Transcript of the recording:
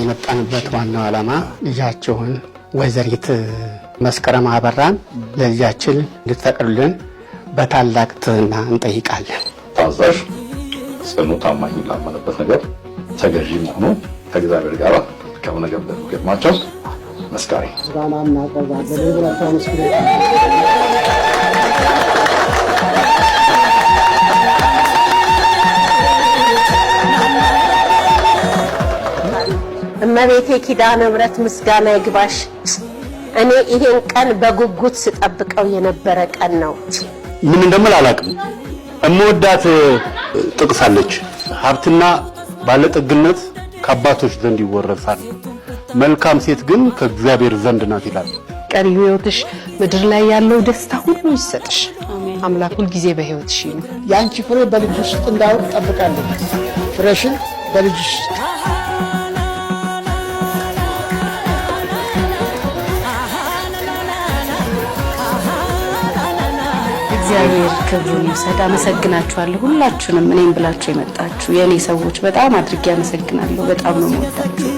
የመጣንበት ዋናው ዓላማ ልጃቸውን ወይዘሪት መስከረም አበራን ለልጃችን እንድትፈቅዱልን በታላቅ ትህትና እንጠይቃለን። ታዛዥ፣ ጽኑ፣ ታማኝ ላመነበት ነገር ተገዢ መሆኑ ከእግዚአብሔር ጋር ከሆነ ገብለ ገጥማቸው መስካሪ እመቤቴ ኪዳነ ምሕረት ምስጋና ይግባሽ። እኔ ይሄን ቀን በጉጉት ስጠብቀው የነበረ ቀን ነው። ምን እንደምል አላውቅም። እመወዳት ሀብትና ባለጠግነት ከአባቶች ዘንድ ይወረሳል፣ መልካም ሴት ግን ከእግዚአብሔር ዘንድ ናት ይላል። ቀሪ ህይወትሽ ምድር ላይ ያለው ደስታ ሁሉ ይሰጥሽ። አምላክ ሁልጊዜ በሕይወትሽ ነው። የአንቺ ፍሬ በልጅ ውስጥ እንዳውቅ ጠብቃለች። ፍሬሽን ውስጥ እግዚአብሔር ክብሩን ይውሰድ። አመሰግናችኋለሁ ሁላችሁንም፣ እኔም ብላችሁ የመጣችሁ የእኔ ሰዎች በጣም አድርጌ አመሰግናለሁ። በጣም ነው የምወዳችሁ።